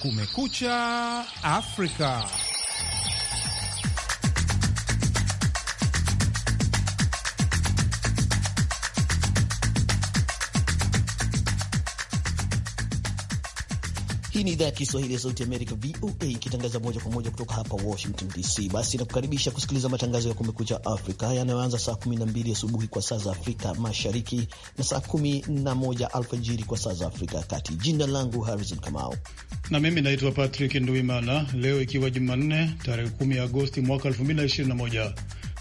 Kumekucha Afrika. Hii ni idhaa ya Kiswahili ya Sauti Amerika, VOA, ikitangaza moja kwa moja kutoka hapa Washington DC. Basi nakukaribisha kusikiliza matangazo ya Kumekucha Afrika yanayoanza saa 12 asubuhi kwa saa za Afrika Mashariki na saa 11 alfajiri kwa saa za Afrika ya Kati. Jina langu Harrison Kamau na mimi naitwa Patrick Nduimana. Leo ikiwa Jumanne tarehe 10 Agosti mwaka 2021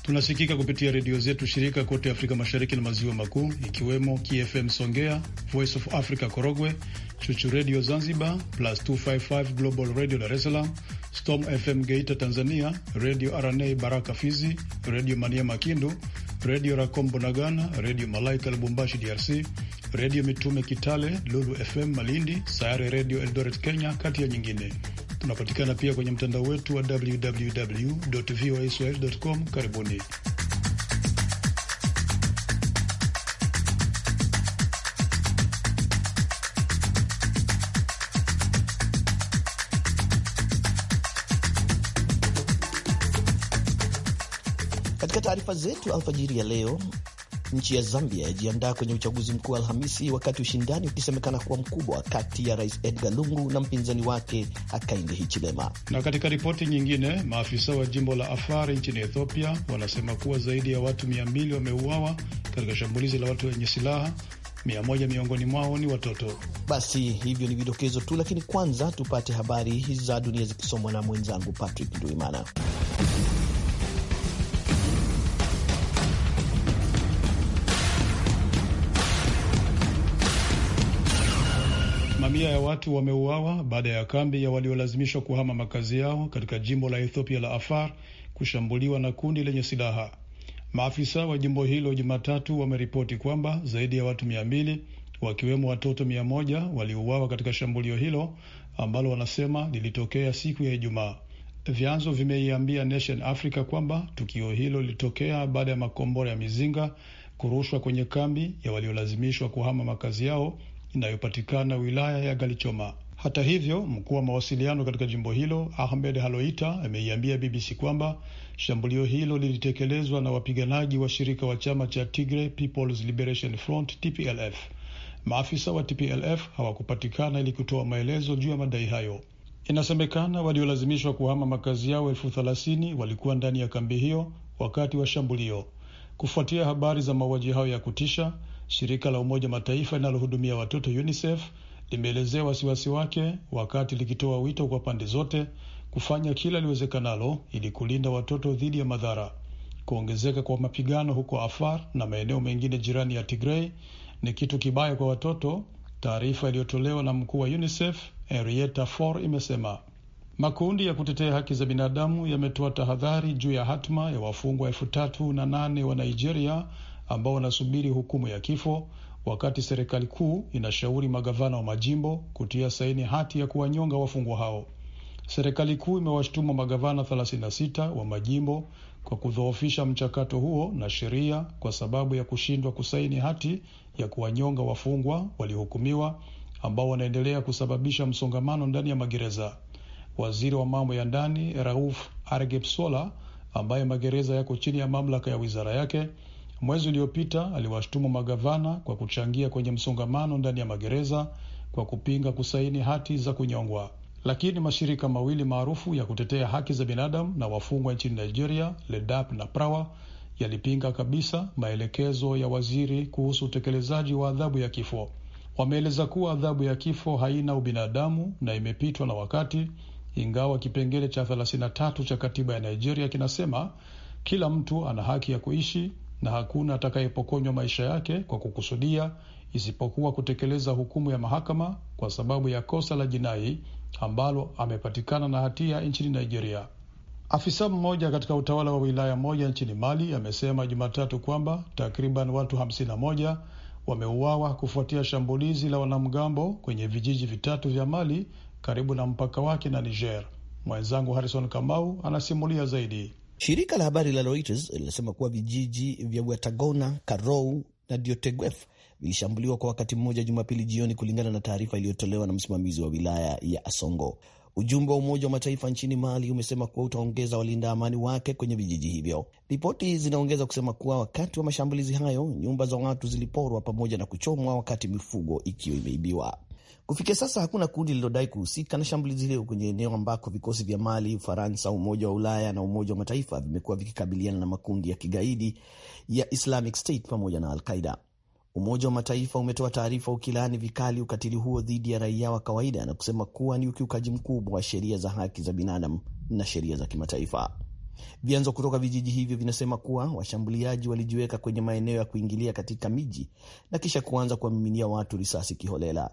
tunasikika kupitia redio zetu shirika kote Afrika Mashariki na Maziwa Makuu, ikiwemo KFM Songea, Voice of Africa Korogwe, Chuchu Redio Zanzibar, plus 255 Global Radio Dar es Salaam, Storm FM Geita Tanzania, Redio RNA Baraka Fizi, Redio Maniema Kindu, Redio Rakombo na Ghana, Redio Malaika Lubumbashi DRC, Redio Mitume Kitale, Lulu FM Malindi, Sayare Redio Eldoret Kenya, kati ya nyingine. Tunapatikana pia kwenye mtandao wetu wa www voa swahili com. Karibuni. taarifa zetu alfajiri ya leo, nchi ya Zambia yajiandaa kwenye uchaguzi mkuu Alhamisi, wakati ushindani ukisemekana kuwa mkubwa kati ya Rais Edgar Lungu na mpinzani wake Hakainde Hichilema. Na katika ripoti nyingine, maafisa wa jimbo la Afari nchini Ethiopia wanasema kuwa zaidi ya watu mia mbili wameuawa katika shambulizi la watu wenye silaha mia moja miongoni mwao ni watoto. Basi hivyo ni vidokezo tu, lakini kwanza tupate habari za dunia zikisomwa na mwenzangu Patrick Nduimana. Mamia ya watu wameuawa baada ya kambi ya waliolazimishwa kuhama makazi yao katika jimbo la Ethiopia la Afar kushambuliwa na kundi lenye silaha. Maafisa wa jimbo hilo Jumatatu wameripoti kwamba zaidi ya watu mia mbili wakiwemo watoto mia moja waliuawa katika shambulio hilo ambalo wanasema lilitokea siku ya Ijumaa. Vyanzo vimeiambia Nation Africa kwamba tukio hilo lilitokea baada ya makombora ya mizinga kurushwa kwenye kambi ya waliolazimishwa kuhama makazi yao inayopatikana wilaya ya Galichoma. Hata hivyo, mkuu wa mawasiliano katika jimbo hilo Ahmed Haloita ameiambia BBC kwamba shambulio hilo lilitekelezwa na wapiganaji wa shirika wa chama cha Tigray People's Liberation Front TPLF. Maafisa wa TPLF hawakupatikana ili kutoa maelezo juu ya madai hayo. Inasemekana waliolazimishwa kuhama makazi yao elfu thelathini walikuwa ndani ya kambi hiyo wakati wa shambulio. Kufuatia habari za mauaji hayo ya kutisha, Shirika la Umoja Mataifa linalohudumia watoto UNICEF limeelezea wasiwasi wake wakati likitoa wito kwa pande zote kufanya kila liwezekanalo ili kulinda watoto dhidi ya madhara. Kuongezeka kwa mapigano huko Afar na maeneo mengine jirani ya Tigrei ni kitu kibaya kwa watoto, taarifa iliyotolewa na mkuu wa UNICEF Henrietta Fore imesema. Makundi ya kutetea haki za binadamu yametoa tahadhari juu ya hatma ya wafungwa elfu tatu na nane wa Nigeria ambao wanasubiri hukumu ya kifo, wakati serikali kuu inashauri magavana wa majimbo kutia saini hati ya kuwanyonga wafungwa hao. Serikali kuu imewashtuma magavana 36 wa majimbo kwa kudhoofisha mchakato huo na sheria kwa sababu ya kushindwa kusaini hati ya kuwanyonga wafungwa waliohukumiwa ambao wanaendelea kusababisha msongamano ndani ya magereza. Waziri wa mambo ya ndani Rauf Argepsola, ambaye magereza yako chini ya mamlaka ya wizara yake, Mwezi uliopita aliwashtumu magavana kwa kuchangia kwenye msongamano ndani ya magereza kwa kupinga kusaini hati za kunyongwa. Lakini mashirika mawili maarufu ya kutetea haki za binadamu na wafungwa nchini Nigeria, LEDAP na PRAWA, yalipinga kabisa maelekezo ya waziri kuhusu utekelezaji wa adhabu ya kifo. Wameeleza kuwa adhabu ya kifo haina ubinadamu na imepitwa na wakati, ingawa kipengele cha 33 cha katiba ya Nigeria kinasema kila mtu ana haki ya kuishi na hakuna atakayepokonywa maisha yake kwa kukusudia isipokuwa kutekeleza hukumu ya mahakama kwa sababu ya kosa la jinai ambalo amepatikana na hatia nchini Nigeria. Afisa mmoja katika utawala wa wilaya moja nchini Mali amesema Jumatatu kwamba takriban watu 51 wameuawa kufuatia shambulizi la wanamgambo kwenye vijiji vitatu vya Mali karibu na mpaka wake na Niger. Mwenzangu Harrison Kamau anasimulia zaidi. Shirika la habari la Reuters linasema kuwa vijiji vya Wetagona, Karou na Dioteguef vilishambuliwa kwa wakati mmoja Jumapili jioni, kulingana na taarifa iliyotolewa na msimamizi wa wilaya ya Asongo. Ujumbe wa Umoja wa Mataifa nchini Mali umesema kuwa utaongeza walinda amani wake kwenye vijiji hivyo. Ripoti zinaongeza kusema kuwa wakati wa mashambulizi hayo, nyumba za watu ziliporwa pamoja na kuchomwa, wakati mifugo ikiwa imeibiwa. Kufikia sasa hakuna kundi lililodai kuhusika na shambulizi hilo kwenye eneo ambako vikosi vya Mali, Ufaransa, Umoja wa Ulaya na Umoja wa Mataifa vimekuwa vikikabiliana na makundi ya kigaidi ya Islamic State pamoja na Qaida. Umoja wa Mataifa umetoa taarifa ukilaani vikali ukatili huo dhidi ya raia wa kawaida na kusema kuwa ni ukiukaji mkubwa wa sheria za haki za binadamu na sheria za kimataifa. Vyanzo kutoka vijiji hivyo vinasema kuwa washambuliaji walijiweka kwenye maeneo ya kuingilia katika miji na kisha kuanza kuwamiminia watu risasi kiholela.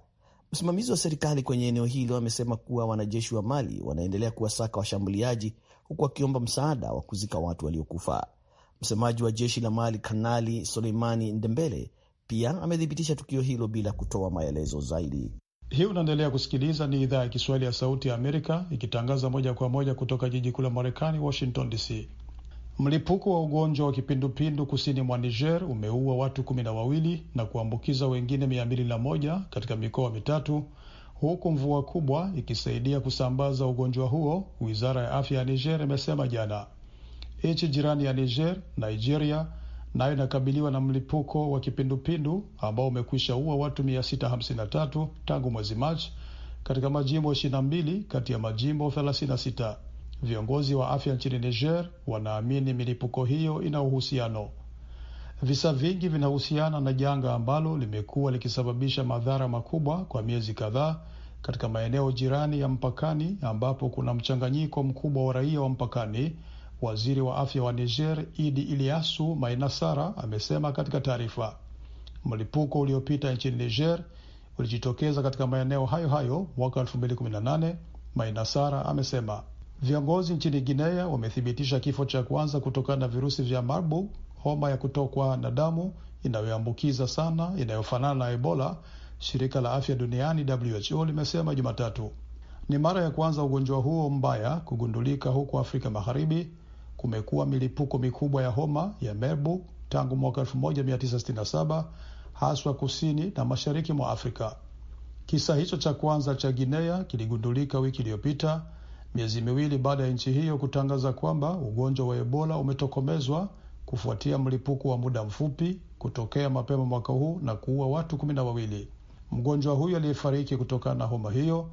Msimamizi wa serikali kwenye eneo hilo amesema kuwa wanajeshi wa Mali wanaendelea kuwasaka washambuliaji huku wakiomba msaada wa kuzika watu waliokufa. Msemaji wa jeshi la Mali Kanali Suleimani Ndembele pia amethibitisha tukio hilo bila kutoa maelezo zaidi. Hii unaendelea kusikiliza, ni idhaa ya Kiswahili ya Sauti ya Amerika ikitangaza moja kwa moja kutoka jiji kuu la Marekani, Washington DC. Mlipuko wa ugonjwa wa kipindupindu kusini mwa Niger umeua watu kumi na wawili na kuambukiza wengine mia mbili na moja katika mikoa mitatu huku mvua kubwa ikisaidia kusambaza ugonjwa huo, wizara ya afya ya Niger imesema jana. Nchi jirani ya Niger, Nigeria, nayo inakabiliwa na mlipuko wa kipindupindu ambao umekwisha ua watu 653 tangu mwezi Machi katika majimbo 22 kati ya majimbo 36. Viongozi wa afya nchini Niger wanaamini milipuko hiyo ina uhusiano. Visa vingi vinahusiana na janga ambalo limekuwa likisababisha madhara makubwa kwa miezi kadhaa katika maeneo jirani ya mpakani ambapo kuna mchanganyiko mkubwa wa raia wa mpakani. Waziri wa afya wa Niger Idi Iliasu Mainasara amesema katika taarifa, mlipuko uliopita nchini Niger ulijitokeza katika maeneo hayo hayo mwaka 2018. Mainasara amesema Viongozi nchini Guinea wamethibitisha kifo cha kwanza kutokana na virusi vya Marburg, homa ya kutokwa na damu inayoambukiza sana inayofanana na Ebola. Shirika la afya duniani WHO limesema Jumatatu ni mara ya kwanza ugonjwa huo mbaya kugundulika huko Afrika Magharibi. Kumekuwa milipuko mikubwa ya homa ya Marburg tangu mwaka 1967 haswa kusini na mashariki mwa Afrika. Kisa hicho cha kwanza cha Guinea kiligundulika wiki iliyopita miezi miwili baada ya nchi hiyo kutangaza kwamba ugonjwa wa Ebola umetokomezwa kufuatia mlipuko wa muda mfupi kutokea mapema mwaka huu na kuua watu kumi na wawili. Mgonjwa huyo aliyefariki kutokana na homa hiyo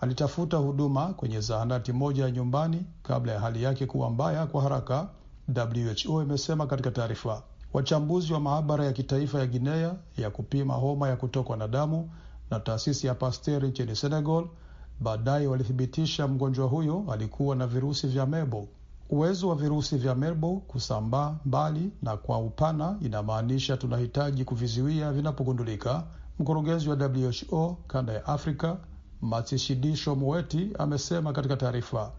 alitafuta huduma kwenye zahanati moja ya nyumbani kabla ya hali yake kuwa mbaya kwa haraka, WHO imesema katika taarifa. Wachambuzi wa maabara ya kitaifa ya Guinea ya kupima homa ya kutokwa na damu na taasisi ya Pasteur nchini Senegal Baadaye walithibitisha mgonjwa huyo alikuwa na virusi vya Marburg. Uwezo wa virusi vya Marburg kusambaa mbali na kwa upana inamaanisha tunahitaji kuviziwia vinapogundulika, mkurugenzi wa WHO kanda ya Afrika Matshidiso Moeti amesema katika taarifa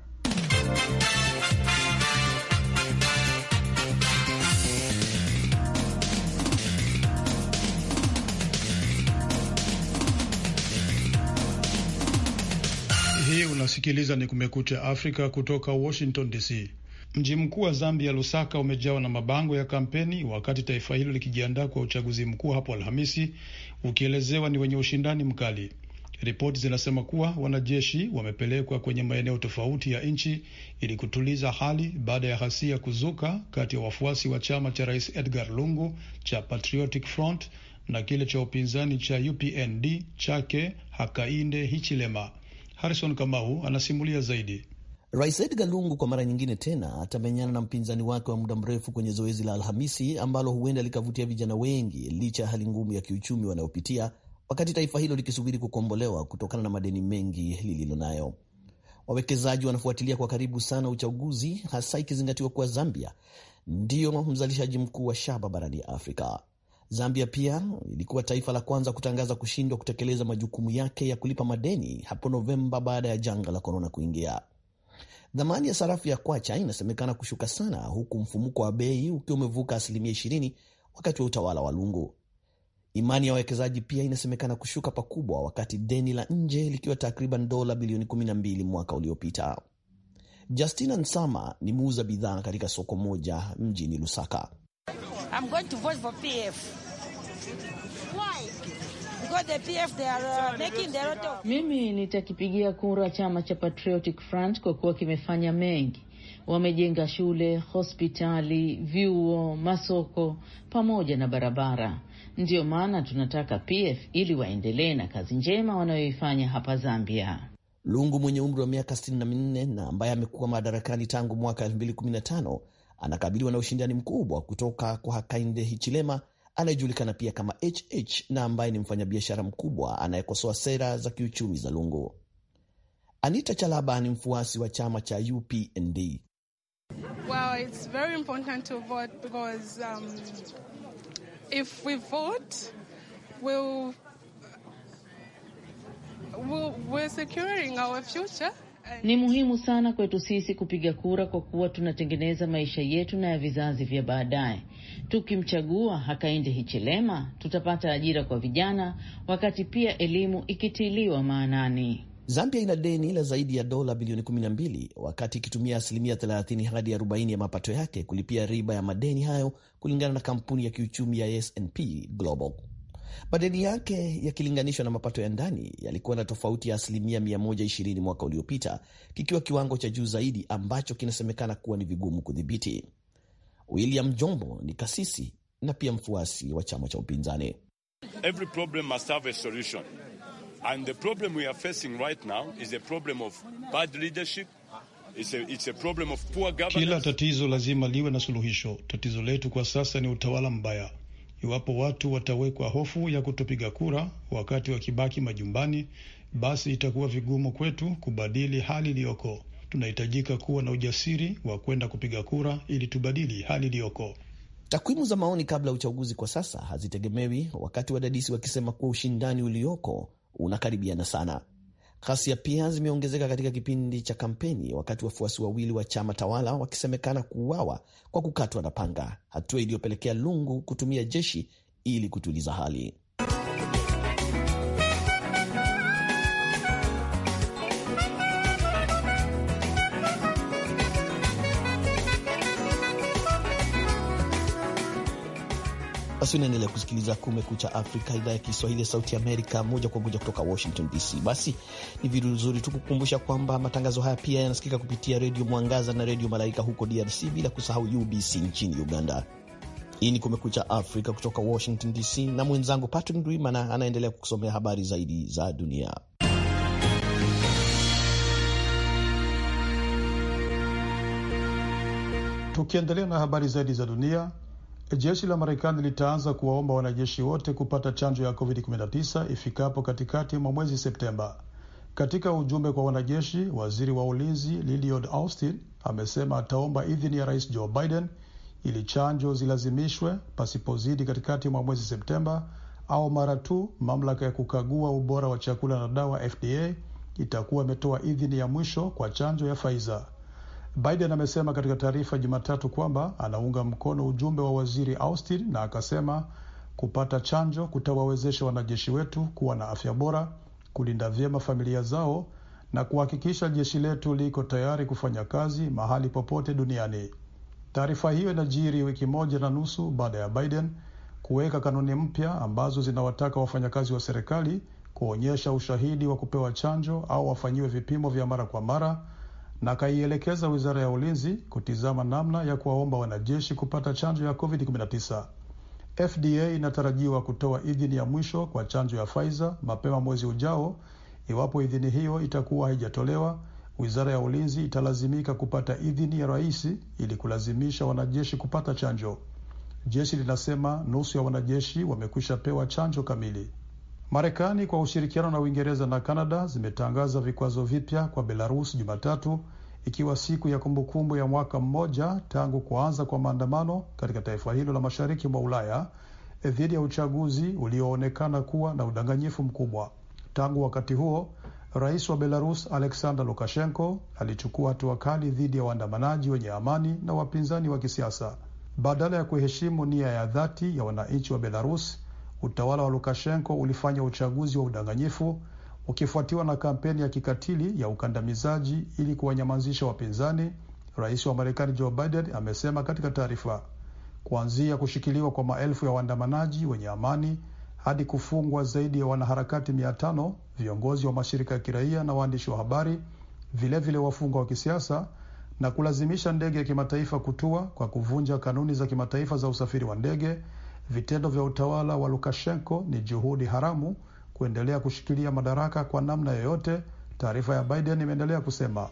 Unasikiliza ni Kumekucha Afrika kutoka Washington DC. Mji mkuu wa Zambia, Lusaka, umejawa na mabango ya kampeni wakati taifa hilo likijiandaa kwa uchaguzi mkuu hapo Alhamisi, ukielezewa ni wenye ushindani mkali. Ripoti zinasema kuwa wanajeshi wamepelekwa kwenye maeneo tofauti ya nchi ili kutuliza hali baada ya ghasia kuzuka kati ya wafuasi wa chama cha Rais Edgar Lungu cha Patriotic Front na kile cha upinzani cha UPND chake Hakainde Hichilema. Harrison Kamau anasimulia zaidi. Rais Edgar Lungu kwa mara nyingine tena atamenyana na mpinzani wake wa muda mrefu kwenye zoezi la Alhamisi ambalo huenda likavutia vijana wengi licha ya hali ngumu ya kiuchumi wanayopitia, wakati taifa hilo likisubiri kukombolewa kutokana na madeni mengi lililo nayo. Wawekezaji wanafuatilia kwa karibu sana uchaguzi, hasa ikizingatiwa kuwa Zambia ndiyo mzalishaji mkuu wa shaba barani Afrika. Zambia pia ilikuwa taifa la kwanza kutangaza kushindwa kutekeleza majukumu yake ya kulipa madeni hapo Novemba baada ya janga la korona kuingia. Dhamani ya sarafu ya kwacha inasemekana kushuka sana, huku mfumuko wa bei ukiwa umevuka asilimia 20 wakati wa utawala wa Lungu. Imani ya wawekezaji pia inasemekana kushuka pakubwa, wakati deni la nje likiwa takriban dola bilioni 12 mwaka uliopita. Justina Nsama ni muuza bidhaa katika soko moja mjini Lusaka. I'm going to vote for PF. Why? Because the PF they are uh, making the lot of... Mimi nitakipigia kura chama cha Patriotic Front kwa kuwa kimefanya mengi. Wamejenga shule, hospitali, vyuo, masoko pamoja na barabara. Ndiyo maana tunataka PF ili waendelee na kazi njema wanayoifanya hapa Zambia. Lungu mwenye umri wa miaka 64 na ambaye amekuwa madarakani tangu mwaka anakabiliwa na ushindani mkubwa kutoka kwa Hakainde Hichilema anayejulikana pia kama HH na ambaye ni mfanyabiashara mkubwa anayekosoa sera za kiuchumi za Lungu. Anita Chalaba ni mfuasi wa chama cha UPND. Well, it's very important to vote because, um, if we vote, we'll, we're securing our future. Ni muhimu sana kwetu sisi kupiga kura, kwa kuwa tunatengeneza maisha yetu na ya vizazi vya baadaye. Tukimchagua Hakainde Hichilema, tutapata ajira kwa vijana, wakati pia elimu ikitiliwa maanani. Zambia ina deni la zaidi ya dola bilioni 12 wakati ikitumia asilimia 30 hadi 40 ya mapato yake kulipia riba ya madeni hayo, kulingana na kampuni ya kiuchumi ya SNP Global. Madeni yake yakilinganishwa na mapato ya ndani yalikuwa na tofauti ya asilimia 120 mwaka uliopita, kikiwa kiwango cha juu zaidi ambacho kinasemekana kuwa ni vigumu kudhibiti. William Jombo ni kasisi na pia mfuasi wa chama cha upinzani. Every problem must have a solution. And the problem we are facing right now is a problem of bad leadership. It's a, it's a problem of poor governance. Kila tatizo lazima liwe na suluhisho. Tatizo letu kwa sasa ni utawala mbaya. Iwapo watu watawekwa hofu ya kutopiga kura wakati wakibaki majumbani, basi itakuwa vigumu kwetu kubadili hali iliyoko. Tunahitajika kuwa na ujasiri wa kwenda kupiga kura ili tubadili hali iliyoko. Takwimu za maoni kabla ya uchaguzi kwa sasa hazitegemewi, wakati wadadisi wakisema kuwa ushindani ulioko unakaribiana sana. Ghasia pia zimeongezeka katika kipindi cha kampeni, wakati wafuasi wawili wa chama tawala wakisemekana kuuawa kwa kukatwa na panga, hatua iliyopelekea Lungu kutumia jeshi ili kutuliza hali. Basi unaendelea kusikiliza Kumekucha Afrika, idhaa ya Kiswahili ya Sauti Amerika, moja kwa moja kutoka Washington DC. Basi ni vizuri tu kukumbusha kwamba matangazo haya pia yanasikika kupitia Redio Mwangaza na Redio Malaika huko DRC, bila kusahau UBC nchini Uganda. Hii ni Kumekucha Afrika kutoka Washington DC, na mwenzangu Patrick Ndwimana anaendelea kukusomea habari zaidi za dunia. Tukiendelea na habari zaidi za dunia, Jeshi la Marekani litaanza kuwaomba wanajeshi wote kupata chanjo ya COVID-19 ifikapo katikati mwa mwezi Septemba. Katika ujumbe kwa wanajeshi, waziri wa ulinzi Lloyd Austin amesema ataomba idhini ya rais Joe Biden ili chanjo zilazimishwe pasipozidi katikati mwa mwezi Septemba au mara tu mamlaka ya kukagua ubora wa chakula na dawa FDA itakuwa imetoa idhini ya mwisho kwa chanjo ya Pfizer. Biden amesema katika taarifa Jumatatu kwamba anaunga mkono ujumbe wa waziri Austin na akasema kupata chanjo kutawawezesha wanajeshi wetu kuwa na afya bora, kulinda vyema familia zao na kuhakikisha jeshi letu liko tayari kufanya kazi mahali popote duniani. Taarifa hiyo inajiri wiki moja na nusu baada ya Biden kuweka kanuni mpya ambazo zinawataka wafanyakazi wa serikali kuonyesha ushahidi wa kupewa chanjo au wafanyiwe vipimo vya mara kwa mara na akaielekeza wizara ya ulinzi kutizama namna ya kuwaomba wanajeshi kupata chanjo ya COVID-19. FDA inatarajiwa kutoa idhini ya mwisho kwa chanjo ya Pfizer mapema mwezi ujao. Iwapo idhini hiyo itakuwa haijatolewa, wizara ya ulinzi italazimika kupata idhini ya rais ili kulazimisha wanajeshi kupata chanjo. Jeshi linasema nusu ya wanajeshi wamekwisha pewa chanjo kamili. Marekani kwa ushirikiano na Uingereza na Kanada zimetangaza vikwazo vipya kwa Belarus Jumatatu, ikiwa siku ya kumbukumbu ya mwaka mmoja tangu kuanza kwa maandamano katika taifa hilo la mashariki mwa Ulaya eh, dhidi ya uchaguzi ulioonekana kuwa na udanganyifu mkubwa. Tangu wakati huo, rais wa Belarus Alexander Lukashenko alichukua hatua kali dhidi ya waandamanaji wenye amani na wapinzani wa kisiasa. Badala ya kuheshimu nia ya dhati ya wananchi wa Belarus, Utawala wa Lukashenko ulifanya uchaguzi wa udanganyifu ukifuatiwa na kampeni ya kikatili ya ukandamizaji ili kuwanyamazisha wapinzani. Rais wa Marekani Joe Biden amesema katika taarifa, kuanzia kushikiliwa kwa maelfu ya waandamanaji wenye amani hadi kufungwa zaidi ya wanaharakati mia tano, viongozi wa mashirika ya kiraia na waandishi wa habari, vilevile wafungwa wa kisiasa, na kulazimisha ndege ya kimataifa kutua kwa kuvunja kanuni za kimataifa za usafiri wa ndege Vitendo vya utawala wa Lukashenko ni juhudi haramu kuendelea kushikilia madaraka kwa namna yoyote, taarifa ya Biden imeendelea kusema.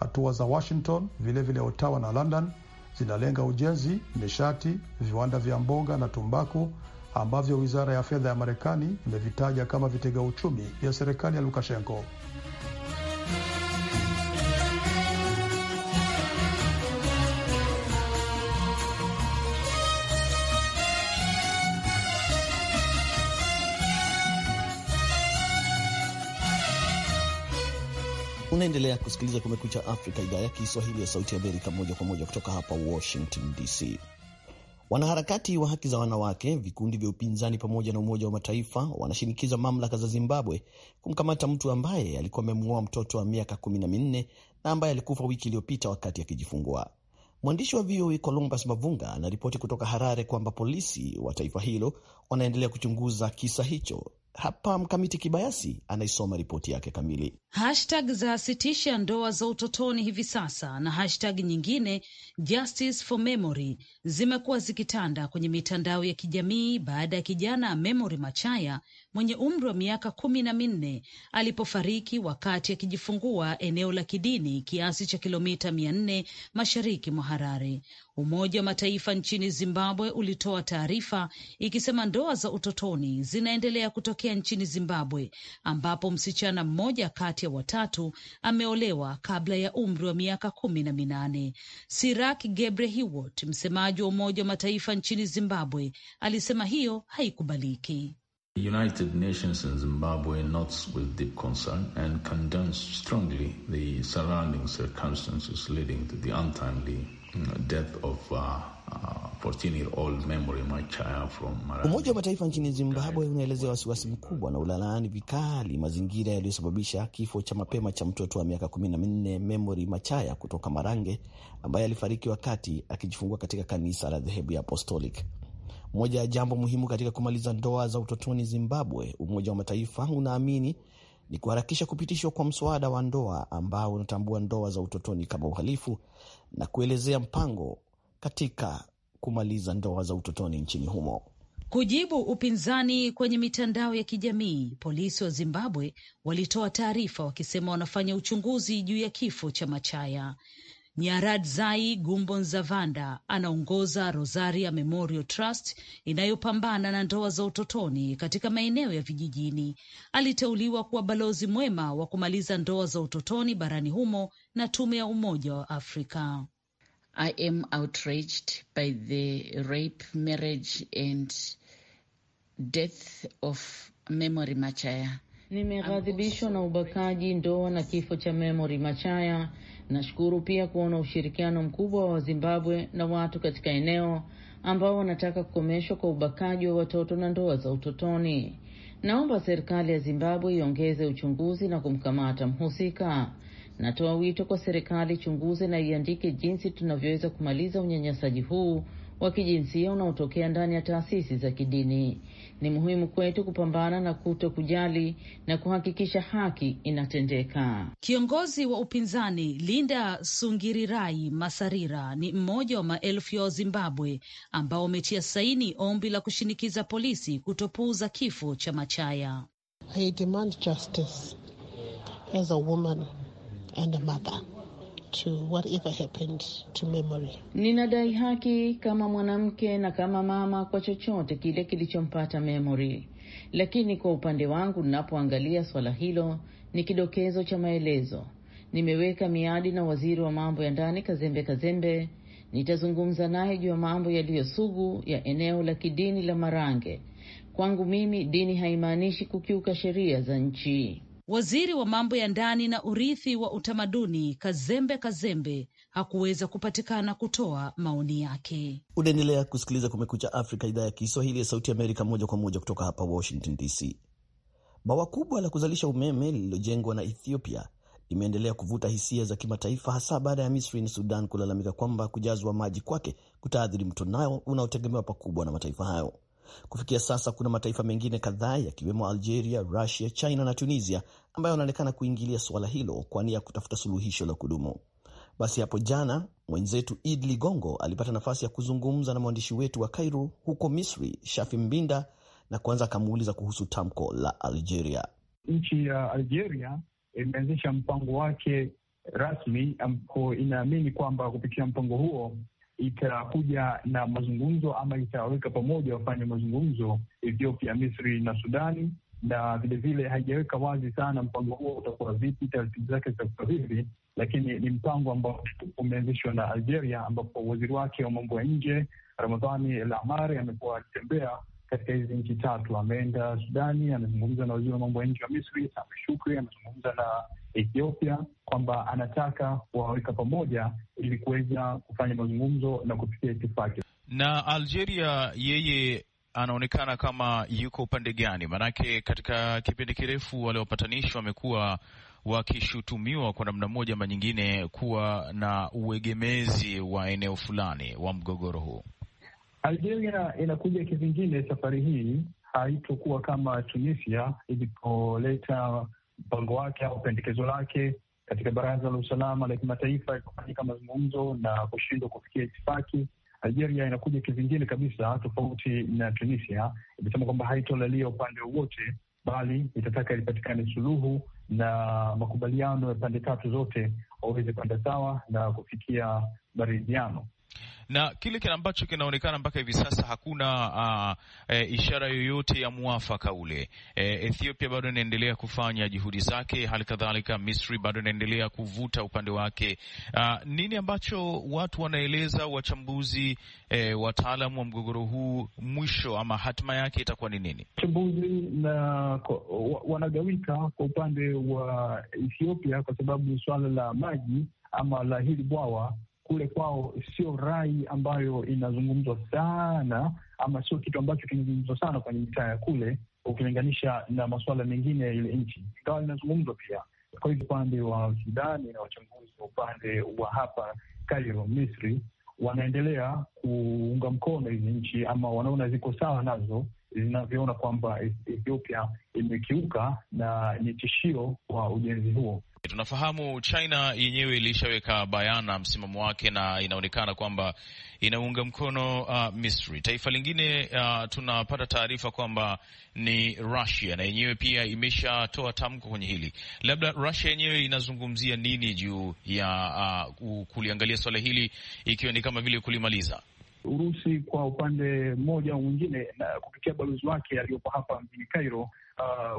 Hatua za Washington, vilevile Ottawa na London zinalenga ujenzi, nishati, viwanda vya mboga na tumbaku ambavyo wizara ya fedha ya Marekani imevitaja kama vitega uchumi vya serikali ya Lukashenko. Unaendelea kusikiliza Kumekucha Afrika, idhaa ya Kiswahili ya Sauti Amerika, moja kwa moja kutoka hapa Washington DC. Wanaharakati wa haki za wanawake, vikundi vya upinzani pamoja na Umoja wa Mataifa wanashinikiza mamlaka za Zimbabwe kumkamata mtu ambaye alikuwa amemwoa mtoto wa miaka kumi na minne na ambaye alikufa wiki iliyopita wakati akijifungua. Mwandishi wa VOA e Columbus Mavunga anaripoti kutoka Harare kwamba polisi wa taifa hilo wanaendelea kuchunguza kisa hicho hapa Mkamiti Kibayasi anaisoma ripoti yake kamili. Hashtag za sitisha ndoa za utotoni hivi sasa na hashtag nyingine Justice for Memory zimekuwa zikitanda kwenye mitandao ya kijamii baada ya kijana Memory Machaya mwenye umri wa miaka kumi na minne alipofariki wakati akijifungua eneo la kidini kiasi cha kilomita mia nne mashariki mwa Harare. Umoja wa Mataifa nchini Zimbabwe ulitoa taarifa ikisema ndoa za utotoni zinaendelea kutokea nchini Zimbabwe, ambapo msichana mmoja kati ya watatu ameolewa kabla ya umri wa miaka kumi na minane. Sirak Gebre Hiwot, msemaji wa Umoja wa Mataifa nchini Zimbabwe, alisema hiyo haikubaliki. The United Nations in Zimbabwe notes with deep concern and condemns strongly the surrounding circumstances leading to the untimely mm, death of uh, uh Umoja wa Mataifa nchini Zimbabwe unaelezea wasiwasi mkubwa na ulalaani vikali mazingira yaliyosababisha kifo cha mapema cha mtoto wa miaka na minne Memory Machaya kutoka Marange ambaye alifariki wakati akijifungua katika kanisa la dhehebu ya Apostolic moja ya jambo muhimu katika kumaliza ndoa za utotoni Zimbabwe, Umoja wa Mataifa unaamini ni kuharakisha kupitishwa kwa mswada wa ndoa ambao unatambua ndoa za utotoni kama uhalifu na kuelezea mpango katika kumaliza ndoa za utotoni nchini humo. Kujibu upinzani kwenye mitandao ya kijamii, polisi wa Zimbabwe walitoa taarifa wakisema wanafanya uchunguzi juu ya kifo cha Machaya. Nyaradzai Gumbonzavanda anaongoza Rosaria Memorial Trust inayopambana na ndoa za utotoni katika maeneo ya vijijini. Aliteuliwa kuwa balozi mwema wa kumaliza ndoa za utotoni barani humo na Tume ya Umoja wa Afrika. I am outraged by the rape, marriage and death of Memory Machaya. Nimeghadhibishwa na ubakaji, ndoa na kifo cha Memory Machaya Nashukuru pia kuona ushirikiano mkubwa wa zimbabwe na watu katika eneo ambao wanataka kukomeshwa kwa ubakaji wa watoto na ndoa za utotoni. Naomba serikali ya Zimbabwe iongeze uchunguzi na kumkamata mhusika. Natoa wito kwa serikali ichunguze na iandike jinsi tunavyoweza kumaliza unyanyasaji huu wa kijinsia unaotokea ndani ya taasisi za kidini. Ni muhimu kwetu kupambana na kuto kujali na kuhakikisha haki inatendeka. Kiongozi wa upinzani Linda Sungirirai Masarira ni mmoja wa maelfu ya Wazimbabwe ambao wametia saini ombi la kushinikiza polisi kutopuuza kifo cha Machaya. I demand justice as a woman and a mother to whatever happened to memory. Ninadai haki kama mwanamke na kama mama kwa chochote kile kilichompata Memory, lakini kwa upande wangu ninapoangalia swala hilo ni kidokezo cha maelezo. Nimeweka miadi na waziri wa mambo ya ndani Kazembe Kazembe, nitazungumza naye juu ya mambo yaliyo sugu ya eneo la kidini la Marange. Kwangu mimi, dini haimaanishi kukiuka sheria za nchi. Waziri wa mambo ya ndani na urithi wa utamaduni Kazembe Kazembe hakuweza kupatikana kutoa maoni yake. Unaendelea kusikiliza Kumekucha Afrika, idhaa ya Kiswahili ya Sauti Amerika, moja kwa moja kutoka hapa Washington DC. Bawa kubwa la kuzalisha umeme lililojengwa na Ethiopia imeendelea kuvuta hisia za kimataifa hasa baada ya Misri na Sudan kulalamika kwamba kujazwa maji kwake kutaathiri mto Nile unaotegemewa pakubwa na mataifa hayo. Kufikia sasa kuna mataifa mengine kadhaa yakiwemo Algeria, Rusia, China na Tunisia ambayo yanaonekana kuingilia suala hilo kwa nia ya kutafuta suluhisho la kudumu. Basi hapo jana mwenzetu Id Ligongo alipata nafasi ya kuzungumza na mwandishi wetu wa kairo huko Misri, Shafi Mbinda, na kwanza akamuuliza kuhusu tamko la Algeria. Nchi ya Algeria imeanzisha mpango wake rasmi ambapo inaamini kwamba kupitia mpango huo itakuja na mazungumzo ama itaweka pamoja wafanya mazungumzo Ethiopia, Misri na Sudani, na vilevile haijaweka wazi sana mpango huo utakuwa vipi, taratibu zake zitakuwa vipi, lakini ni mpango ambao umeanzishwa na Algeria, ambapo waziri wake wa mambo ya nje Ramadhani El Amari amekuwa akitembea katika hizi nchi tatu. Ameenda Sudani, amezungumza na waziri wa mambo ya nje wa Misri Sami Shukri, amezungumza na Ethiopia kwamba anataka kuwaweka pamoja ili kuweza kufanya mazungumzo na kupitia itifaki. Na Algeria yeye anaonekana kama yuko upande gani? Maanake katika kipindi kirefu wale wapatanishi wamekuwa wakishutumiwa kwa namna moja ama nyingine kuwa na uegemezi wa eneo fulani wa mgogoro huu. Algeria inakuja kivingine. Safari hii haitokuwa kama Tunisia ilipoleta mpango wake au pendekezo lake katika Baraza la Usalama la Kimataifa kufanyika mazungumzo na kushindwa kufikia itifaki. Algeria inakuja kivingine kabisa, tofauti na Tunisia. Imesema kwamba haitolalia upande wowote, bali itataka ilipatikane suluhu na makubaliano ya pande tatu zote waweze kwenda sawa na kufikia maridhiano na kile kile ambacho kinaonekana mpaka hivi sasa hakuna uh, e, ishara yoyote ya mwafaka ule. E, Ethiopia bado inaendelea kufanya juhudi zake, hali kadhalika Misri bado inaendelea kuvuta upande wake. Uh, nini ambacho watu wanaeleza wachambuzi, e, wataalamu wa mgogoro huu, mwisho ama hatima yake itakuwa ni nini? Wachambuzi na wanagawika kwa upande wa Ethiopia kwa sababu suala la maji ama la hili bwawa kule kwao sio rai ambayo inazungumzwa sana, ama sio kitu ambacho kinazungumzwa sana kwenye mitaa ya kule ukilinganisha na masuala mengine ya ile nchi, ingawa linazungumzwa pia. Kwa hivyo upande wa Sudani na wachambuzi wa upande wa hapa Kairo, Misri, wanaendelea kuunga mkono hizi nchi ama wanaona ziko sawa nazo zinavyoona kwamba Ethiopia imekiuka na ni tishio kwa ujenzi huo. Tunafahamu China yenyewe ilishaweka bayana msimamo wake na inaonekana kwamba inaunga mkono uh, Misri. Taifa lingine uh, tunapata taarifa kwamba ni Russia na yenyewe pia imeshatoa tamko kwenye hili. Labda Russia yenyewe inazungumzia nini juu ya uh, kuliangalia swala hili ikiwa ni kama vile kulimaliza? Urusi kwa upande mmoja au mwingine, na kupitia balozi wake aliyopo hapa mjini Cairo,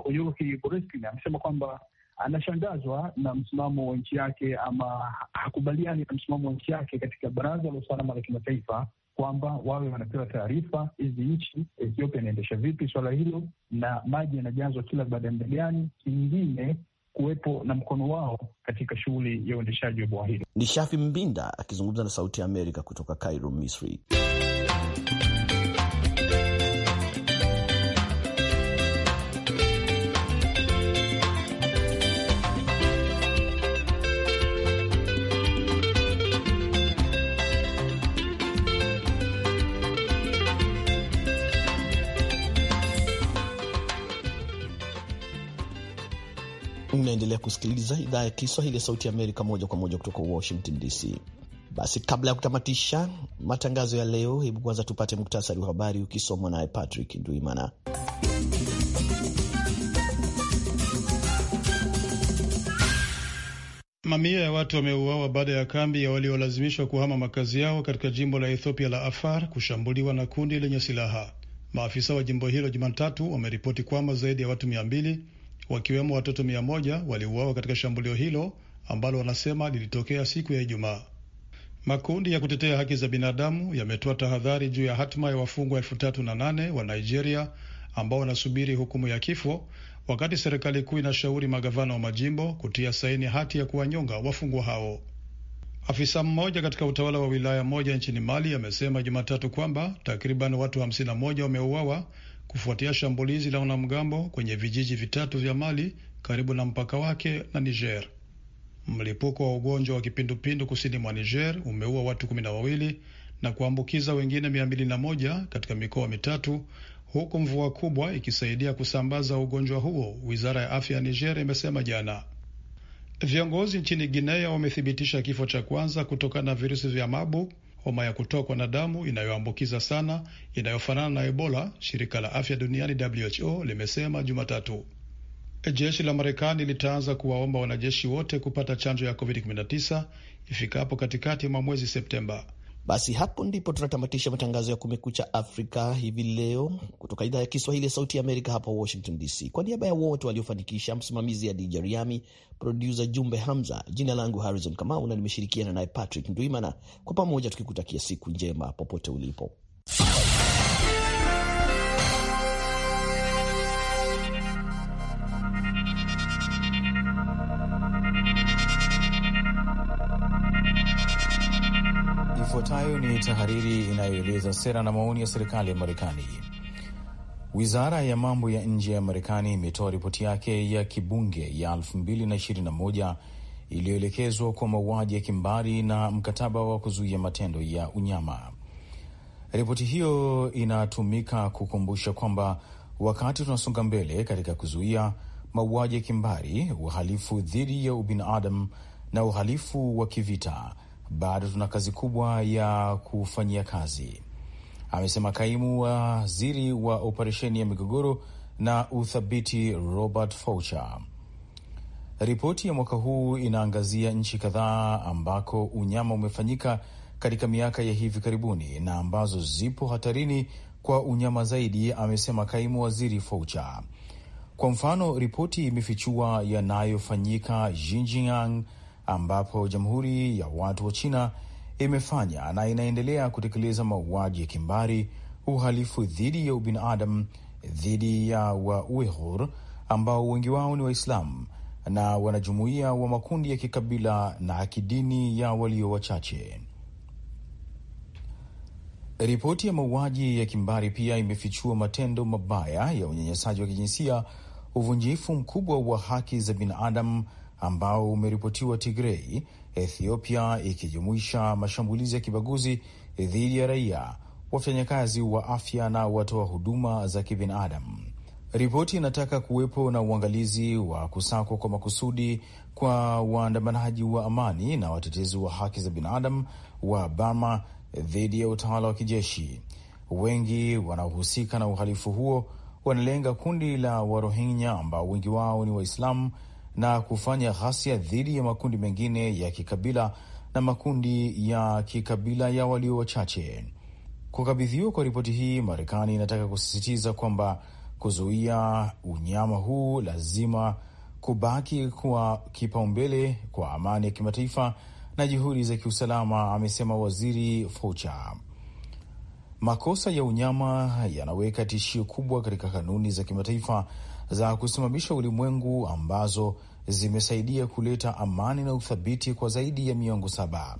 uh, Boreskin amesema kwamba anashangazwa na msimamo wa nchi yake ama hakubaliani na msimamo wa nchi yake katika Baraza la Usalama la Kimataifa kwamba wawe wanapewa taarifa hizi nchi, Ethiopia inaendesha vipi swala hilo, na maji yanajazwa kila baada ya muda gani. Kingine kuwepo na mkono wao katika shughuli ya uendeshaji wa bwawa hilo. Ni Shafi Mbinda akizungumza na Sauti ya Amerika kutoka Cairo, Misri. Unaendelea kusikiliza idhaa ya Kiswahili ya Sauti Amerika moja kwa moja kutoka Washington DC. Basi kabla ya kutamatisha matangazo ya leo, hebu kwanza tupate muktasari wa habari ukisomwa naye Patrick Ndwimana. Mamia ya watu wameuawa baada ya kambi ya waliolazimishwa kuhama makazi yao katika jimbo la Ethiopia la Afar kushambuliwa na kundi lenye silaha. Maafisa wa jimbo hilo Jumatatu wameripoti kwamba zaidi ya watu mia mbili wakiwemo watoto mia moja waliuawa katika shambulio hilo ambalo wanasema lilitokea siku ya Ijumaa. Makundi ya kutetea haki za binadamu yametoa tahadhari juu ya hatima ya wafungwa elfu tatu na nane wa Nigeria ambao wanasubiri hukumu ya kifo, wakati serikali kuu inashauri magavana wa majimbo kutia saini hati ya kuwanyonga wafungwa hao. Afisa mmoja katika utawala wa wilaya moja nchini Mali amesema Jumatatu kwamba takriban watu 51 wameuawa kufuatia shambulizi la wanamgambo kwenye vijiji vitatu vya Mali karibu na mpaka wake na Niger. Mlipuko wa ugonjwa wa kipindupindu kusini mwa Niger umeua watu kumi na wawili na kuambukiza wengine mia mbili na moja katika mikoa mitatu huku mvua kubwa ikisaidia kusambaza ugonjwa huo, wizara ya afya ya Niger imesema jana. Viongozi nchini Guinea wamethibitisha kifo cha kwanza kutokana na virusi vya Marburg homa ya kutokwa na damu inayoambukiza sana inayofanana na Ebola, shirika la afya duniani WHO limesema Jumatatu. Jeshi la Marekani litaanza kuwaomba wanajeshi wote kupata chanjo ya COVID-19 ifikapo katikati mwa mwezi Septemba. Basi hapo ndipo tunatamatisha matangazo ya Kumekucha Afrika hivi leo kutoka idhaa ya Kiswahili ya Sauti ya Amerika hapa Washington DC. Kwa niaba ya wote waliofanikisha, msimamizi ya DJ Riami, produsa Jumbe Hamza, jina langu Harrison Kamau na nimeshirikiana naye Patrick Ndwimana, kwa pamoja tukikutakia siku njema popote ulipo. ni tahariri inayoeleza sera na maoni ya serikali ya Marekani. Wizara ya mambo ya nje ya Marekani imetoa ripoti yake ya kibunge ya 2021 iliyoelekezwa kwa mauaji ya kimbari na mkataba wa kuzuia matendo ya unyama. Ripoti hiyo inatumika kukumbusha kwamba wakati tunasonga mbele katika kuzuia mauaji ya kimbari, uhalifu dhidi ya ubinadamu na uhalifu wa kivita bado tuna kazi kubwa ya kufanyia kazi, amesema kaimu waziri wa operesheni ya migogoro na uthabiti Robert Faucher. Ripoti ya mwaka huu inaangazia nchi kadhaa ambako unyama umefanyika katika miaka ya hivi karibuni na ambazo zipo hatarini kwa unyama zaidi, amesema kaimu waziri Faucher. Kwa mfano, ripoti imefichua yanayofanyika Xinjiang ambapo Jamhuri ya Watu wa China imefanya na inaendelea kutekeleza mauaji ya kimbari, uhalifu dhidi ya ubinadamu dhidi ya Wauighur ambao wengi wao ni Waislamu na wanajumuia wa makundi ya kikabila na kidini ya walio wachache. Ripoti ya mauaji ya kimbari pia imefichua matendo mabaya ya unyanyasaji wa kijinsia, uvunjifu mkubwa wa haki za binadamu ambao umeripotiwa Tigrei, Ethiopia, ikijumuisha mashambulizi ya kibaguzi dhidi ya raia, wafanyakazi wa afya na watoa huduma za kibinadamu. Ripoti inataka kuwepo na uangalizi wa kusakwa kwa makusudi kwa waandamanaji wa amani na watetezi wa haki za binadamu wa bama dhidi ya utawala wa kijeshi. Wengi wanaohusika na uhalifu huo wanalenga kundi la Warohingya ambao wengi wao ni Waislamu na kufanya ghasia dhidi ya makundi mengine ya kikabila na makundi ya kikabila ya walio wachache. Kukabidhiwa kwa ripoti hii, Marekani inataka kusisitiza kwamba kuzuia unyama huu lazima kubaki kuwa kipaumbele kwa amani ya kimataifa na juhudi za kiusalama, amesema Waziri Faucher. Makosa ya unyama yanaweka tishio kubwa katika kanuni za kimataifa za kusimamisha ulimwengu ambazo zimesaidia kuleta amani na uthabiti kwa zaidi ya miongo saba.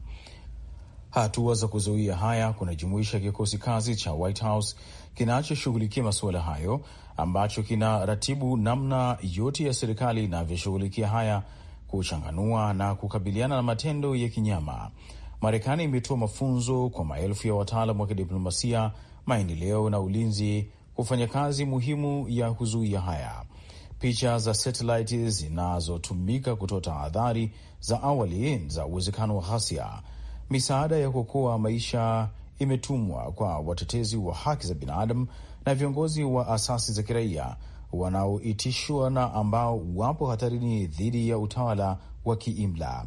Hatua za kuzuia haya kunajumuisha kikosi kazi cha White House kinachoshughulikia masuala hayo ambacho kina ratibu namna yote ya serikali inavyoshughulikia haya, kuchanganua na kukabiliana na matendo ya kinyama. Marekani imetoa mafunzo kwa maelfu ya wataalam wa kidiplomasia, maendeleo na ulinzi kufanya kazi muhimu ya kuzuia haya. Picha za satelaiti zinazotumika kutoa tahadhari za awali za uwezekano wa ghasia. Misaada ya kuokoa maisha imetumwa kwa watetezi wa haki za binadamu na viongozi wa asasi za kiraia wanaoitishwa na ambao wapo hatarini dhidi ya utawala wa kiimla.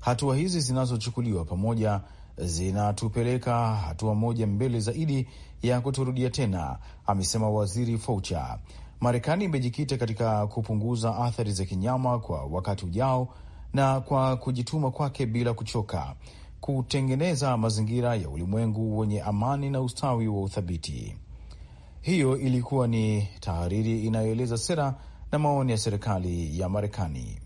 Hatua hizi zinazochukuliwa pamoja zinatupeleka hatua moja mbele zaidi ya kuturudia tena, amesema waziri Faucher. Marekani imejikita katika kupunguza athari za kinyama kwa wakati ujao na kwa kujituma kwake bila kuchoka kutengeneza mazingira ya ulimwengu wenye amani na ustawi wa uthabiti. Hiyo ilikuwa ni tahariri inayoeleza sera na maoni ya serikali ya Marekani.